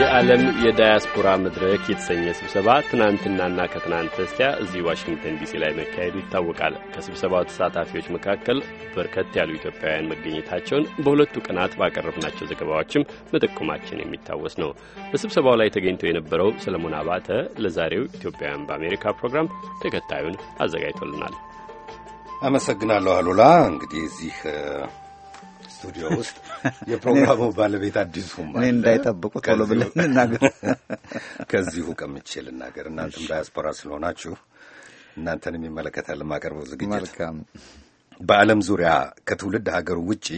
የዓለም የዳያስፖራ መድረክ የተሰኘ ስብሰባ ትናንትናና ከትናንት በስቲያ እዚህ ዋሽንግተን ዲሲ ላይ መካሄዱ ይታወቃል። ከስብሰባው ተሳታፊዎች መካከል በርከት ያሉ ኢትዮጵያውያን መገኘታቸውን በሁለቱ ቀናት ባቀረብናቸው ዘገባዎችም መጠቆማችን የሚታወስ ነው። በስብሰባው ላይ ተገኝቶ የነበረው ሰለሞን አባተ ለዛሬው ኢትዮጵያውያን በአሜሪካ ፕሮግራም ተከታዩን አዘጋጅቶልናል። አመሰግናለሁ አሉላ። እንግዲህ እዚህ ስቱዲዮ ውስጥ የፕሮግራሙ ባለቤት አዲሱም እኔ እንዳይጠብቁ ቶሎ ብለን እናገር ከዚሁ ቀምቼ ልናገር። እናንተም ዳያስፖራ ስለሆናችሁ እናንተን የሚመለከታል የማቀርበው ዝግጅት። መልካም በዓለም ዙሪያ ከትውልድ ሀገሩ ውጪ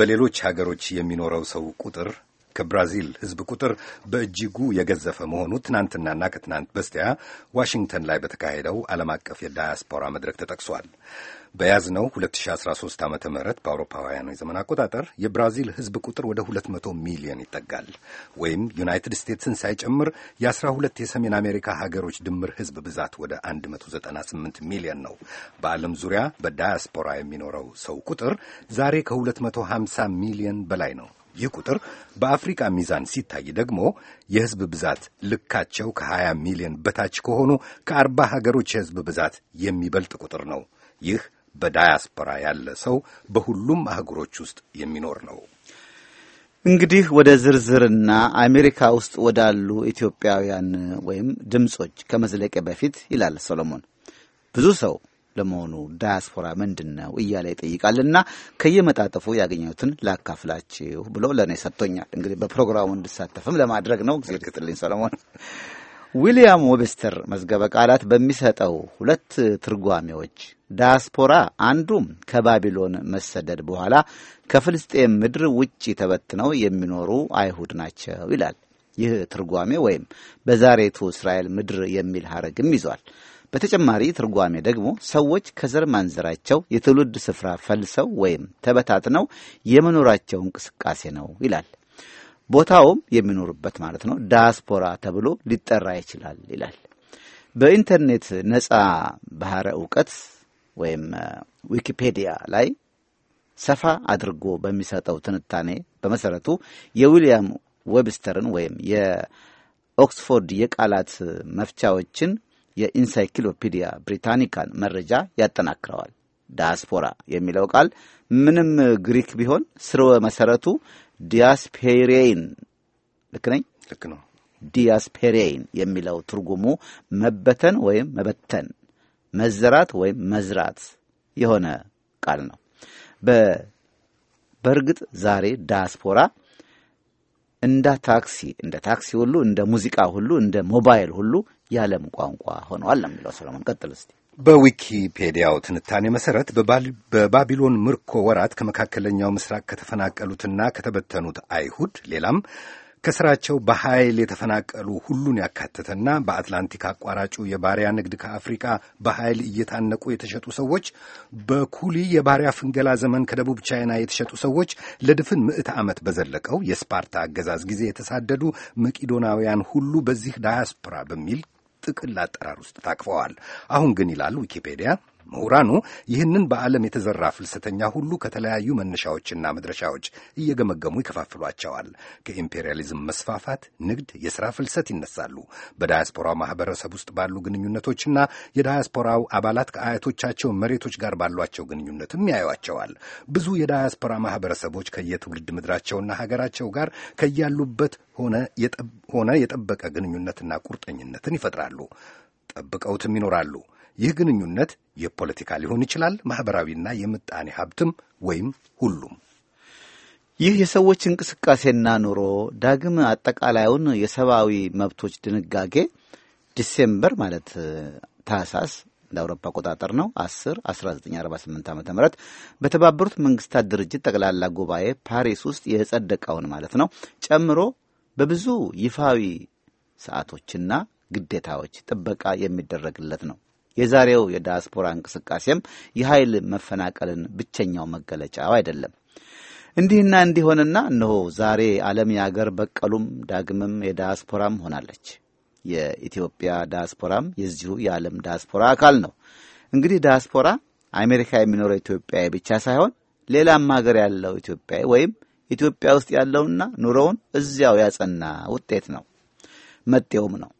በሌሎች ሀገሮች የሚኖረው ሰው ቁጥር ከብራዚል ሕዝብ ቁጥር በእጅጉ የገዘፈ መሆኑ ትናንትናና ከትናንት በስቲያ ዋሽንግተን ላይ በተካሄደው ዓለም አቀፍ የዳያስፖራ መድረክ ተጠቅሷል። በያዝነው 2013 ዓ ም በአውሮፓውያኑ የዘመን አቆጣጠር የብራዚል ሕዝብ ቁጥር ወደ 200 ሚሊዮን ይጠጋል ወይም ዩናይትድ ስቴትስን ሳይጨምር የ12 የሰሜን አሜሪካ ሀገሮች ድምር ሕዝብ ብዛት ወደ 198 ሚሊዮን ነው። በዓለም ዙሪያ በዳያስፖራ የሚኖረው ሰው ቁጥር ዛሬ ከ250 ሚሊዮን በላይ ነው። ይህ ቁጥር በአፍሪካ ሚዛን ሲታይ ደግሞ የህዝብ ብዛት ልካቸው ከ20 ሚሊዮን በታች ከሆኑ ከአርባ ሀገሮች የህዝብ ብዛት የሚበልጥ ቁጥር ነው። ይህ በዳያስፖራ ያለ ሰው በሁሉም አህጉሮች ውስጥ የሚኖር ነው። እንግዲህ ወደ ዝርዝርና አሜሪካ ውስጥ ወዳሉ ኢትዮጵያውያን ወይም ድምፆች ከመዝለቅ በፊት ይላል ሰሎሞን ብዙ ሰው ለመሆኑ ዳያስፖራ ምንድን ነው እያለ ይጠይቃልና ከየመጣጠፉ ያገኘሁትን ላካፍላችሁ ብሎ ለእኔ ሰጥቶኛል። እንግዲህ በፕሮግራሙ እንድሳተፍም ለማድረግ ነው። ጊዜ ይስጥልኝ ሰለሞን። ዊልያም ዌብስተር መዝገበ ቃላት በሚሰጠው ሁለት ትርጓሜዎች ዳያስፖራ አንዱም ከባቢሎን መሰደድ በኋላ ከፍልስጤም ምድር ውጭ ተበትነው የሚኖሩ አይሁድ ናቸው ይላል። ይህ ትርጓሜ ወይም በዛሬቱ እስራኤል ምድር የሚል ሀረግም ይዟል። በተጨማሪ ትርጓሜ ደግሞ ሰዎች ከዘር ማንዘራቸው የትውልድ ስፍራ ፈልሰው ወይም ተበታትነው የመኖራቸው እንቅስቃሴ ነው ይላል። ቦታውም የሚኖሩበት ማለት ነው ዳያስፖራ ተብሎ ሊጠራ ይችላል ይላል። በኢንተርኔት ነጻ ባህረ እውቀት ወይም ዊኪፔዲያ ላይ ሰፋ አድርጎ በሚሰጠው ትንታኔ በመሰረቱ የዊልያም ዌብስተርን ወይም የኦክስፎርድ የቃላት መፍቻዎችን የኢንሳይክሎፒዲያ ብሪታኒካን መረጃ ያጠናክረዋል። ዳያስፖራ የሚለው ቃል ምንም ግሪክ ቢሆን ስርወ መሰረቱ ዲያስፔሬን ልክ ነኝ? ልክ ነው። ዲያስፔሬን የሚለው ትርጉሙ መበተን ወይም መበተን፣ መዘራት ወይም መዝራት የሆነ ቃል ነው። በእርግጥ ዛሬ ዳያስፖራ እንደ ታክሲ እንደ ታክሲ ሁሉ እንደ ሙዚቃ ሁሉ እንደ ሞባይል ሁሉ የዓለም ቋንቋ ሆነዋል ነው የሚለው ሰለሞን። ቀጥል እስቲ። በዊኪፔዲያው ትንታኔ መሰረት በባቢሎን ምርኮ ወራት ከመካከለኛው ምስራቅ ከተፈናቀሉትና ከተበተኑት አይሁድ ሌላም ከስራቸው በኃይል የተፈናቀሉ ሁሉን ያካተተና በአትላንቲክ አቋራጩ የባሪያ ንግድ ከአፍሪካ በኃይል እየታነቁ የተሸጡ ሰዎች፣ በኩሊ የባሪያ ፍንገላ ዘመን ከደቡብ ቻይና የተሸጡ ሰዎች፣ ለድፍን ምዕተ ዓመት በዘለቀው የስፓርታ አገዛዝ ጊዜ የተሳደዱ መቂዶናውያን ሁሉ በዚህ ዳያስፖራ በሚል ጥቅል አጠራር ውስጥ ታቅፈዋል። አሁን ግን ይላል ዊኪፔዲያ ምሁራኑ ይህንን በዓለም የተዘራ ፍልሰተኛ ሁሉ ከተለያዩ መነሻዎችና መድረሻዎች እየገመገሙ ይከፋፍሏቸዋል። ከኢምፔሪያሊዝም መስፋፋት፣ ንግድ፣ የሥራ ፍልሰት ይነሳሉ። በዳያስፖራው ማኅበረሰብ ውስጥ ባሉ ግንኙነቶችና የዳያስፖራው አባላት ከአያቶቻቸው መሬቶች ጋር ባሏቸው ግንኙነትም ያዩቸዋል። ብዙ የዳያስፖራ ማኅበረሰቦች ከየትውልድ ምድራቸውና ሀገራቸው ጋር ከያሉበት ሆነ የጠበቀ ግንኙነትና ቁርጠኝነትን ይፈጥራሉ። ጠብቀውትም ይኖራሉ። ይህ ግንኙነት የፖለቲካ ሊሆን ይችላል፣ ማኅበራዊና የምጣኔ ሀብትም ወይም ሁሉም። ይህ የሰዎች እንቅስቃሴና ኑሮ ዳግም አጠቃላዩን የሰብአዊ መብቶች ድንጋጌ ዲሴምበር ማለት ታህሳስ እንደ አውሮፓ አቆጣጠር ነው 10 1948 ዓ ም በተባበሩት መንግስታት ድርጅት ጠቅላላ ጉባኤ ፓሪስ ውስጥ የጸደቀውን ማለት ነው ጨምሮ በብዙ ይፋዊ ሰዓቶችና ግዴታዎች ጥበቃ የሚደረግለት ነው። የዛሬው የዲያስፖራ እንቅስቃሴም የኃይል መፈናቀልን ብቸኛው መገለጫው አይደለም። እንዲህና እንዲሆንና እነሆ ዛሬ ዓለም የአገር በቀሉም ዳግምም የዲያስፖራም ሆናለች። የኢትዮጵያ ዲያስፖራም የዚሁ የዓለም ዲያስፖራ አካል ነው። እንግዲህ ዲያስፖራ አሜሪካ የሚኖረው ኢትዮጵያዊ ብቻ ሳይሆን ሌላም ሀገር ያለው ኢትዮጵያዊ ወይም ኢትዮጵያ ውስጥ ያለውና ኑሮውን እዚያው ያጸና ውጤት ነው፣ መጤውም ነው።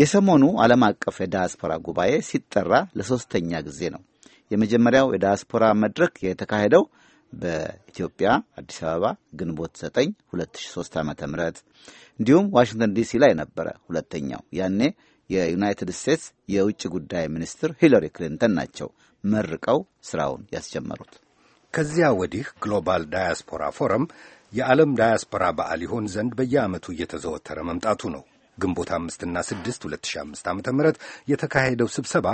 የሰሞኑ ዓለም አቀፍ የዳያስፖራ ጉባኤ ሲጠራ ለሶስተኛ ጊዜ ነው። የመጀመሪያው የዳያስፖራ መድረክ የተካሄደው በኢትዮጵያ አዲስ አበባ ግንቦት 9 2003 ዓ ም እንዲሁም ዋሽንግተን ዲሲ ላይ ነበረ። ሁለተኛው ያኔ የዩናይትድ ስቴትስ የውጭ ጉዳይ ሚኒስትር ሂለሪ ክሊንተን ናቸው መርቀው ስራውን ያስጀመሩት። ከዚያ ወዲህ ግሎባል ዳያስፖራ ፎረም የዓለም ዳያስፖራ በዓል ይሆን ዘንድ በየዓመቱ እየተዘወተረ መምጣቱ ነው። ግንቦት 5 ሁለት 6 አምስት ዓመተ ም የተካሄደው ስብሰባ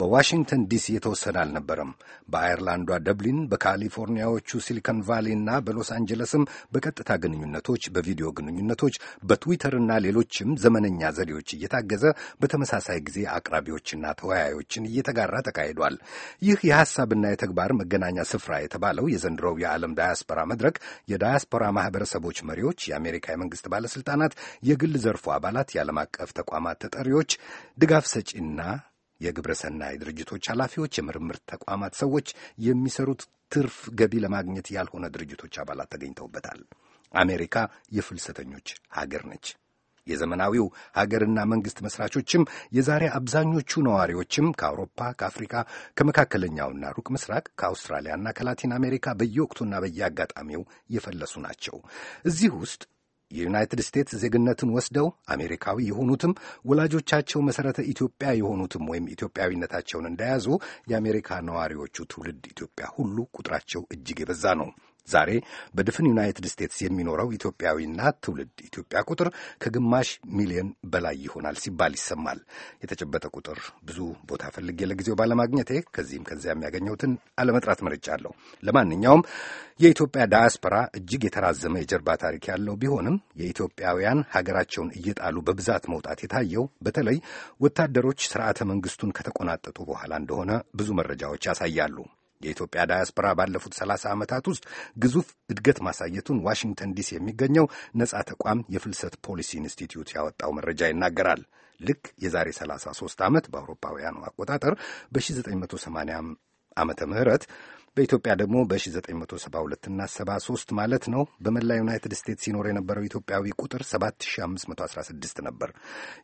በዋሽንግተን ዲሲ የተወሰነ አልነበረም። በአየርላንዷ ደብሊን፣ በካሊፎርኒያዎቹ ሲሊከን ቫሊና በሎስ አንጀለስም በቀጥታ ግንኙነቶች፣ በቪዲዮ ግንኙነቶች፣ በትዊተርና ሌሎችም ዘመነኛ ዘዴዎች እየታገዘ በተመሳሳይ ጊዜ አቅራቢዎችና ተወያዮችን እየተጋራ ተካሂዷል። ይህ የሐሳብና የተግባር መገናኛ ስፍራ የተባለው የዘንድሮው የዓለም ዳያስፖራ መድረክ የዳያስፖራ ማህበረሰቦች መሪዎች፣ የአሜሪካ የመንግሥት ባለሥልጣናት፣ የግል ዘርፉ አባላት አባላት፣ የዓለም አቀፍ ተቋማት ተጠሪዎች፣ ድጋፍ ሰጪና ሰናይ ድርጅቶች ኃላፊዎች፣ የምርምር ተቋማት ሰዎች የሚሰሩት ትርፍ ገቢ ለማግኘት ያልሆነ ድርጅቶች አባላት ተገኝተውበታል። አሜሪካ የፍልሰተኞች ሀገር ነች። የዘመናዊው ሀገርና መንግሥት መስራቾችም የዛሬ አብዛኞቹ ነዋሪዎችም ከአውሮፓ፣ ከአፍሪካ፣ ከመካከለኛውና ሩቅ ምስራቅ፣ ከአውስትራሊያና ከላቲን አሜሪካ በየወቅቱና በየአጋጣሚው የፈለሱ ናቸው። እዚህ ውስጥ የዩናይትድ ስቴትስ ዜግነትን ወስደው አሜሪካዊ የሆኑትም ወላጆቻቸው መሠረተ ኢትዮጵያ የሆኑትም ወይም ኢትዮጵያዊነታቸውን እንደያዙ የአሜሪካ ነዋሪዎቹ ትውልድ ኢትዮጵያ ሁሉ ቁጥራቸው እጅግ የበዛ ነው። ዛሬ በድፍን ዩናይትድ ስቴትስ የሚኖረው ኢትዮጵያዊና ትውልድ ኢትዮጵያ ቁጥር ከግማሽ ሚሊዮን በላይ ይሆናል ሲባል ይሰማል። የተጨበጠ ቁጥር ብዙ ቦታ ፈልጌ ለጊዜው ባለማግኘቴ ከዚህም ከዚያ ያገኘሁትን አለመጥራት መርጫለሁ። ለማንኛውም የኢትዮጵያ ዳያስፖራ እጅግ የተራዘመ የጀርባ ታሪክ ያለው ቢሆንም የኢትዮጵያውያን ሀገራቸውን እየጣሉ በብዛት መውጣት የታየው በተለይ ወታደሮች ስርዓተ መንግስቱን ከተቆናጠጡ በኋላ እንደሆነ ብዙ መረጃዎች ያሳያሉ። የኢትዮጵያ ዳያስፖራ ባለፉት 30 ዓመታት ውስጥ ግዙፍ እድገት ማሳየቱን ዋሽንግተን ዲሲ የሚገኘው ነጻ ተቋም የፍልሰት ፖሊሲ ኢንስቲትዩት ያወጣው መረጃ ይናገራል። ልክ የዛሬ 33 ዓመት በአውሮፓውያኑ አቆጣጠር በ1980 ዓመተ ምህረት በኢትዮጵያ ደግሞ በ1972 እና 73 ማለት ነው በመላ ዩናይትድ ስቴትስ ሲኖር የነበረው ኢትዮጵያዊ ቁጥር 7516 ነበር።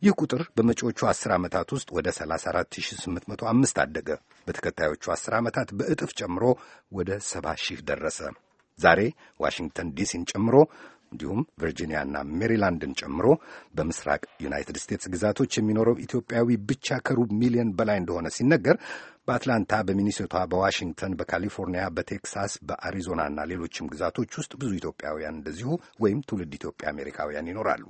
ይህ ቁጥር በመጪዎቹ 10 ዓመታት ውስጥ ወደ 34805 አደገ። በተከታዮቹ 10 ዓመታት በእጥፍ ጨምሮ ወደ 70 ሺህ ደረሰ። ዛሬ ዋሽንግተን ዲሲን ጨምሮ እንዲሁም ቨርጂኒያና ሜሪላንድን ጨምሮ በምስራቅ ዩናይትድ ስቴትስ ግዛቶች የሚኖረው ኢትዮጵያዊ ብቻ ከሩብ ሚሊዮን በላይ እንደሆነ ሲነገር በአትላንታ፣ በሚኒሶታ፣ በዋሽንግተን፣ በካሊፎርኒያ፣ በቴክሳስ፣ በአሪዞናና ሌሎችም ግዛቶች ውስጥ ብዙ ኢትዮጵያውያን እንደዚሁ ወይም ትውልድ ኢትዮጵያ አሜሪካውያን ይኖራሉ።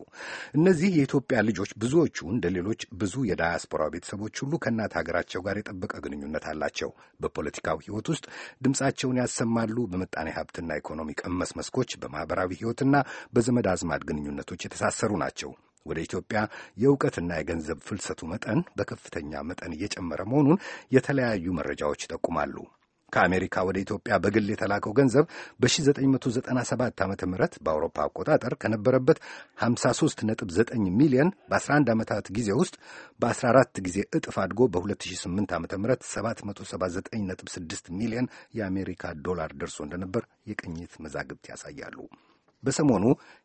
እነዚህ የኢትዮጵያ ልጆች ብዙዎቹ እንደ ሌሎች ብዙ የዳያስፖራ ቤተሰቦች ሁሉ ከእናት ሀገራቸው ጋር የጠበቀ ግንኙነት አላቸው። በፖለቲካው ህይወት ውስጥ ድምፃቸውን ያሰማሉ። በምጣኔ ሀብትና ኢኮኖሚ ቀመስ መስኮች፣ በማህበራዊ ህይወትና በዘመድ አዝማድ ግንኙነቶች የተሳሰሩ ናቸው። ወደ ኢትዮጵያ የእውቀትና የገንዘብ ፍልሰቱ መጠን በከፍተኛ መጠን እየጨመረ መሆኑን የተለያዩ መረጃዎች ይጠቁማሉ። ከአሜሪካ ወደ ኢትዮጵያ በግል የተላከው ገንዘብ በ1997 ዓ ም በአውሮፓ አቆጣጠር ከነበረበት 53.9 ሚሊዮን በ11 ዓመታት ጊዜ ውስጥ በ14 ጊዜ እጥፍ አድጎ በ2008 ዓ ም 779.6 ሚሊዮን የአሜሪካ ዶላር ደርሶ እንደነበር የቅኝት መዛግብት ያሳያሉ። በሰሞኑ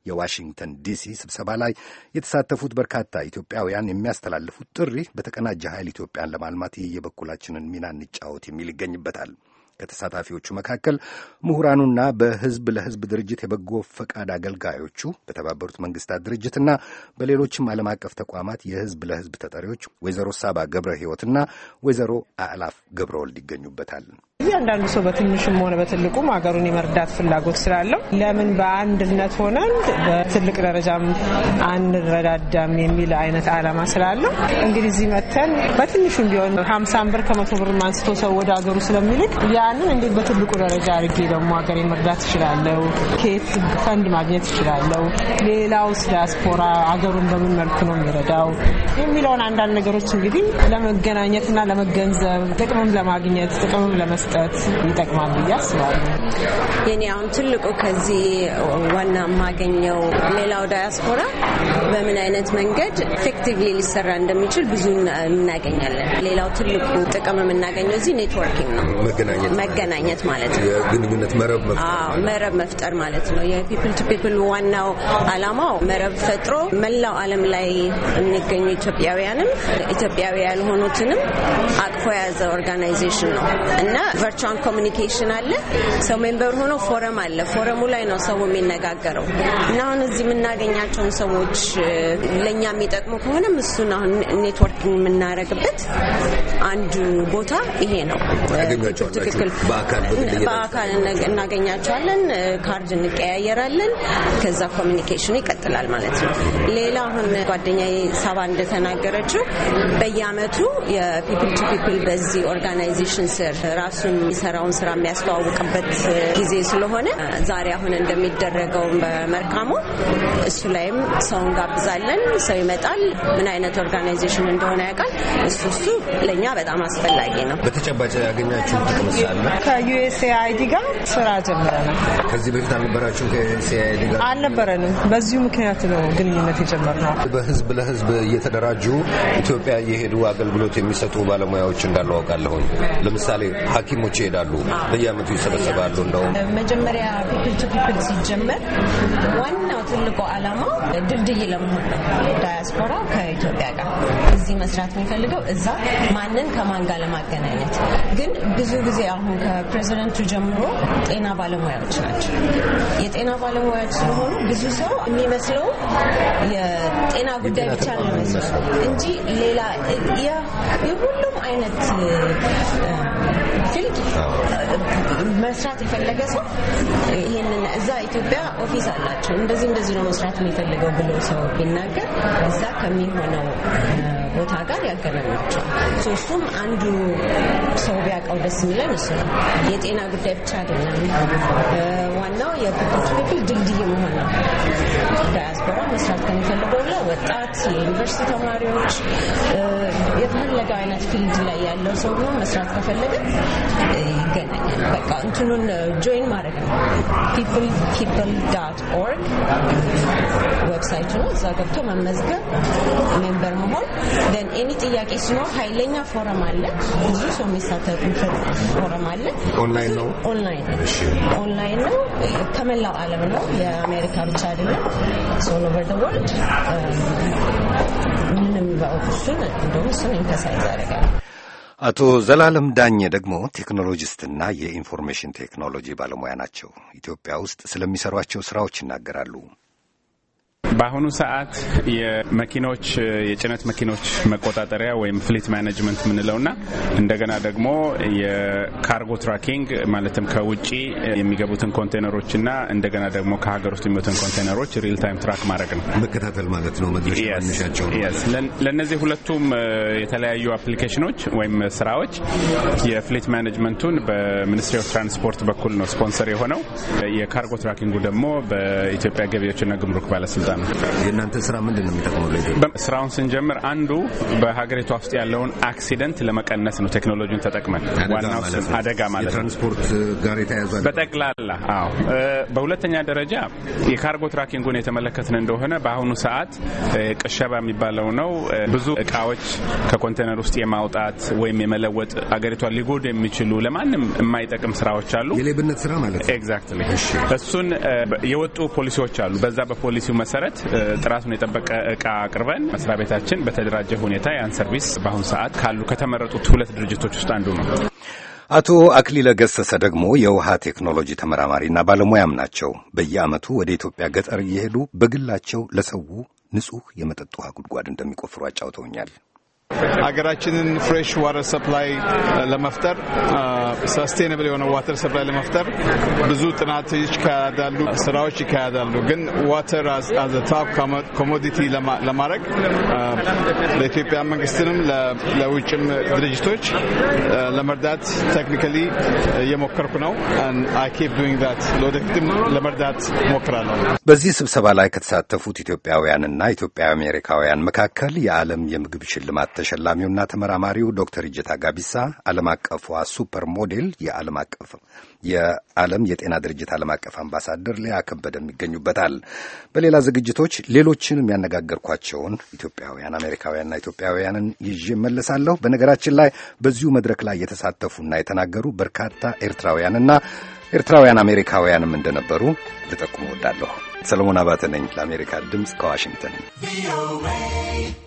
የዋሽንግተን ዲሲ ስብሰባ ላይ የተሳተፉት በርካታ ኢትዮጵያውያን የሚያስተላልፉት ጥሪ በተቀናጀ ኃይል ኢትዮጵያን ለማልማት የበኩላችንን ሚና እንጫወት የሚል ይገኝበታል። ከተሳታፊዎቹ መካከል ምሁራኑና በህዝብ ለህዝብ ድርጅት የበጎ ፈቃድ አገልጋዮቹ በተባበሩት መንግስታት ድርጅትና በሌሎችም ዓለም አቀፍ ተቋማት የህዝብ ለህዝብ ተጠሪዎች ወይዘሮ ሳባ ገብረ ሕይወትና ወይዘሮ አዕላፍ ገብረ ወልድ ይገኙበታል። እያንዳንዱ ሰው በትንሹም ሆነ በትልቁም ሀገሩን የመርዳት ፍላጎት ስላለው ለምን በአንድነት ሆነን በትልቅ ደረጃም አንረዳዳም የሚል አይነት አላማ ስላለው እንግዲህ እዚህ መተን በትንሹም ቢሆን ሀምሳን ብር ከመቶ ብር አንስቶ ሰው ወደ ሀገሩ ስለሚልክ ያንን እንዴት በትልቁ ደረጃ አድርጌ ደግሞ ሀገር መርዳት እችላለሁ፣ ከየት ፈንድ ማግኘት እችላለሁ፣ ሌላውስ ዲያስፖራ ሀገሩን በምን መልኩ ነው የሚረዳው የሚለውን አንዳንድ ነገሮች እንግዲህ ለመገናኘትና ለመገንዘብ ጥቅምም ለማግኘት ጥቅምም ለመ መስጠት ይጠቅማል ብዬ አስባለሁ። የኔ አሁን ትልቁ ከዚህ ዋና የማገኘው ሌላው ዳያስፖራ በምን አይነት መንገድ ኤፌክቲቭሊ ሊሰራ እንደሚችል ብዙ እናገኛለን። ሌላው ትልቁ ጥቅም የምናገኘው እዚህ ኔትወርኪንግ ነው፣ መገናኘት ማለት ነው፣ የግንኙነት መረብ መፍጠር ማለት ነው። የፒፕል ቱ ፒፕል ዋናው አላማው መረብ ፈጥሮ መላው ዓለም ላይ የሚገኙ ኢትዮጵያውያንም ኢትዮጵያዊ ያልሆኑትንም አቅፎ የያዘ ኦርጋናይዜሽን ነው እና ቨርቹዋል ኮሚኒኬሽን አለ። ሰው ሜምበር ሆኖ ፎረም አለ። ፎረሙ ላይ ነው ሰው የሚነጋገረው እና አሁን እዚህ የምናገኛቸውን ሰዎች ለእኛ የሚጠቅሙ ከሆነም እሱን አሁን ኔትወርኪንግ የምናደርግበት አንዱ ቦታ ይሄ ነው። ትክክል። በአካል እናገኛቸዋለን፣ ካርድ እንቀያየራለን። ከዛ ኮሚኒኬሽን ይቀጥላል ማለት ነው። ሌላ አሁን ጓደኛ ሰባ እንደተናገረችው በየአመቱ የፒፕል ቱ ፒፕል በዚህ ኦርጋናይዜሽን ስር ራሱ ድርጅታችን የሚሰራውን ስራ የሚያስተዋውቅበት ጊዜ ስለሆነ ዛሬ አሁን እንደሚደረገው በመርካሞ እሱ ላይም ሰውን ጋብዛለን። ሰው ይመጣል። ምን አይነት ኦርጋናይዜሽን እንደሆነ ያውቃል። እሱ እሱ ለእኛ በጣም አስፈላጊ ነው። በተጨባጭ ያገኛችሁ ጥቅም ሳለ አይዲ ጋር ስራ ጀምረናል። ከዚህ በፊት አልነበራችሁም? አይዲ ጋር አልነበረንም። በዚሁ ምክንያት ነው ግንኙነት የጀመርነው። በህዝብ ለህዝብ እየተደራጁ ኢትዮጵያ እየሄዱ አገልግሎት የሚሰጡ ባለሙያዎች እንዳለዋውቃለሁኝ ለምሳሌ ሐኪም ቲሞች ይሄዳሉ፣ በየአመቱ ይሰበሰባሉ። እንደውም መጀመሪያ ፒፕል ቱ ፒፕል ሲጀመር ዋናው ትልቁ አላማ ድልድይ ለመሆን ነው። ዳያስፖራ ከኢትዮጵያ ጋር እዚህ መስራት የሚፈልገው እዛ ማንን ከማን ጋር ለማገናኘት ግን ብዙ ጊዜ አሁን ከፕሬዚደንቱ ጀምሮ ጤና ባለሙያዎች ናቸው። የጤና ባለሙያዎች ስለሆኑ ብዙ ሰው የሚመስለው የጤና ጉዳይ ብቻ ነው እንጂ ሌላ የሁሉም አይነት ፊልድ መስራት የፈለገ ሰው ይህንን እዛ ኢትዮጵያ ኦፊስ አላቸው እንደዚህ እንደዚህ ነው መስራት የሚፈልገው ብሎ ሰው ቢናገር እዛ ከሚሆነው ቦታ ጋር ያገናኛቸዋል። እሱም አንዱ ሰው ቢያውቀው ደስ የሚለን እሱ ነው። የጤና ጉዳይ ብቻ አይደለም። ዋናው ክፍል ድልድይ መሆን ነው። ዳያስፖራ መስራት ከሚፈልገው ወጣት የዩኒቨርሲቲ ተማሪዎች የተፈለገው አይነት ፊልድ ላይ ያለው ሰው መስራት ከፈለገ ይገናኛል። በቃ እንትኑን ጆይን ማድረግ ነው። ፒፕል ፒፕል ዳት ኦርግ ዌብሳይቱ ነው። እዛ ገብቶ መመዝገብ፣ ሜምበር መሆን ደን ኤኒ ጥያቄ ሲኖር ኃይለኛ ፎረም አለ። ብዙ ሰው የሚሳተፉበት ፎረም አለ። ኦንላይን ነው ኦንላይን ነው። ከመላው ዓለም ነው። የአሜሪካ ብቻ አይደለም። ኦል ኦቨር ወርልድ ምንም በእሱን እንደውም እሱን ኢንተሳይዝ ያደርጋል። አቶ ዘላለም ዳኘ ደግሞ ቴክኖሎጂስትና የኢንፎርሜሽን ቴክኖሎጂ ባለሙያ ናቸው። ኢትዮጵያ ውስጥ ስለሚሰሯቸው ስራዎች ይናገራሉ። በአሁኑ ሰዓት የመኪኖች የጭነት መኪኖች መቆጣጠሪያ ወይም ፍሊት ማኔጅመንት የምንለውና እንደገና ደግሞ የካርጎ ትራኪንግ ማለትም ከውጭ የሚገቡትን ኮንቴነሮችና እንደገና ደግሞ ከሀገር ውስጥ የሚወጡትን ኮንቴነሮች ሪል ታይም ትራክ ማድረግ ነው፣ መከታተል ማለት ነው። ለእነዚህ ሁለቱም የተለያዩ አፕሊኬሽኖች ወይም ስራዎች የፍሊት ማኔጅመንቱን በሚኒስትሪ ኦፍ ትራንስፖርት በኩል ነው ስፖንሰር የሆነው። የካርጎ ትራኪንጉ ደግሞ በኢትዮጵያ ገቢዎችና ግምሩክ ባለስልጣን ነው የእናንተ ስራ ምንድን ነው የሚጠቅመው? ስራውን ስንጀምር አንዱ በሀገሪቷ ውስጥ ያለውን አክሲደንት ለመቀነስ ነው ቴክኖሎጂን ተጠቅመን ዋናው አደጋ ማለት ነው። ትራንስፖርት ጋር የተያዘ በጠቅላላ አዎ። በሁለተኛ ደረጃ የካርጎ ትራኪንጉን የተመለከትን እንደሆነ በአሁኑ ሰዓት ቅሸባ የሚባለው ነው ብዙ እቃዎች ከኮንቴነር ውስጥ የማውጣት ወይም የመለወጥ አገሪቷ ሊጎዱ የሚችሉ ለማንም የማይጠቅም ስራዎች አሉ። የሌብነት ስራ ማለት ነው። ኤግዛክትሊ እሱን የወጡ ፖሊሲዎች አሉ። በዛ በፖሊሲው መሰረት ሰዓት ጥራቱን የጠበቀ እቃ አቅርበን መስሪያ ቤታችን በተደራጀ ሁኔታ ያን ሰርቪስ በአሁኑ ሰዓት ካሉ ከተመረጡት ሁለት ድርጅቶች ውስጥ አንዱ ነው። አቶ አክሊለ ገሰሰ ደግሞ የውሃ ቴክኖሎጂ ተመራማሪና ባለሙያም ናቸው። በየዓመቱ ወደ ኢትዮጵያ ገጠር እየሄዱ በግላቸው ለሰው ንጹህ የመጠጥ ውሃ ጉድጓድ እንደሚቆፍሩ አጫውተውኛል። ሀገራችንን ፍሬሽ ዋተር ሰፕላይ uh, ለመፍጠር ሰስቴናብል uh, የሆነ ዋተር ሰፕላይ ለመፍጠር ብዙ ጥናቶች ይካሄዳሉ፣ ስራዎች ይካሄዳሉ። ግን ዋተር አዘ ታፕ ኮሞዲቲ ለማድረግ uh, ለኢትዮጵያ መንግስትንም ለውጭም ድርጅቶች ለመርዳት ቴክኒካሊ እየሞከርኩ ነው። አይ ኬፕ ዱዊንግ ዳት ለወደፊትም ለመርዳት ሞክራለሁ። በዚህ ስብሰባ ላይ ከተሳተፉት ኢትዮጵያውያንና ኢትዮጵያ አሜሪካውያን መካከል የዓለም የምግብ ሽልማት ተሸላሚውና ተመራማሪው ዶክተር እጀታ ጋቢሳ ዓለም አቀፏ ሱፐር ሞዴል የዓለም አቀፍ የዓለም የጤና ድርጅት ዓለም አቀፍ አምባሳደር ሊያ ከበደም ይገኙበታል። በሌላ ዝግጅቶች ሌሎችን የሚያነጋገርኳቸውን ኢትዮጵያውያን አሜሪካውያንና ኢትዮጵያውያንን ይዤ መለሳለሁ። በነገራችን ላይ በዚሁ መድረክ ላይ የተሳተፉና የተናገሩ በርካታ ኤርትራውያንና ኤርትራውያን አሜሪካውያንም እንደነበሩ ልጠቁም እወዳለሁ። ሰለሞን አባተ ነኝ ለአሜሪካ ድምፅ ከዋሽንግተን